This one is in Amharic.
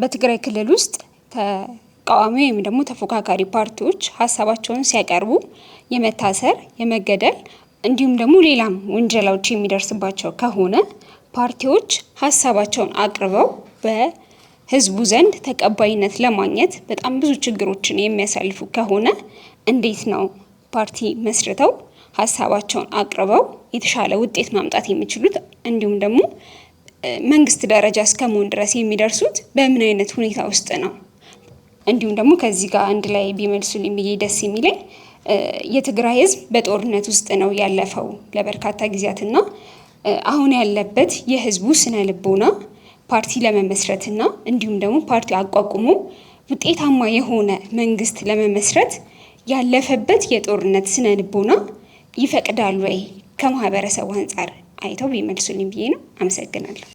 በትግራይ ክልል ውስጥ ተቃዋሚ ወይም ደግሞ ተፎካካሪ ፓርቲዎች ሀሳባቸውን ሲያቀርቡ የመታሰር የመገደል እንዲሁም ደግሞ ሌላም ውንጀላዎች የሚደርስባቸው ከሆነ ፓርቲዎች ሀሳባቸውን አቅርበው በህዝቡ ዘንድ ተቀባይነት ለማግኘት በጣም ብዙ ችግሮችን የሚያሳልፉ ከሆነ እንዴት ነው ፓርቲ መስርተው ሀሳባቸውን አቅርበው የተሻለ ውጤት ማምጣት የሚችሉት እንዲሁም ደግሞ መንግስት ደረጃ እስከ መሆን ድረስ የሚደርሱት በምን አይነት ሁኔታ ውስጥ ነው? እንዲሁም ደግሞ ከዚህ ጋር አንድ ላይ ቢመልሱልኝ ብዬ ደስ የሚለኝ የትግራይ ህዝብ በጦርነት ውስጥ ነው ያለፈው ለበርካታ ጊዜያትና አሁን ያለበት የህዝቡ ስነ ልቦና ፓርቲ ለመመስረትና እንዲሁም ደግሞ ፓርቲ አቋቁሞ ውጤታማ የሆነ መንግስት ለመመስረት ያለፈበት የጦርነት ስነ ልቦና ይፈቅዳል ወይ? ከማህበረሰቡ አንጻር አይተው ቢመልሱልኝ ብዬ ነው። አመሰግናለሁ።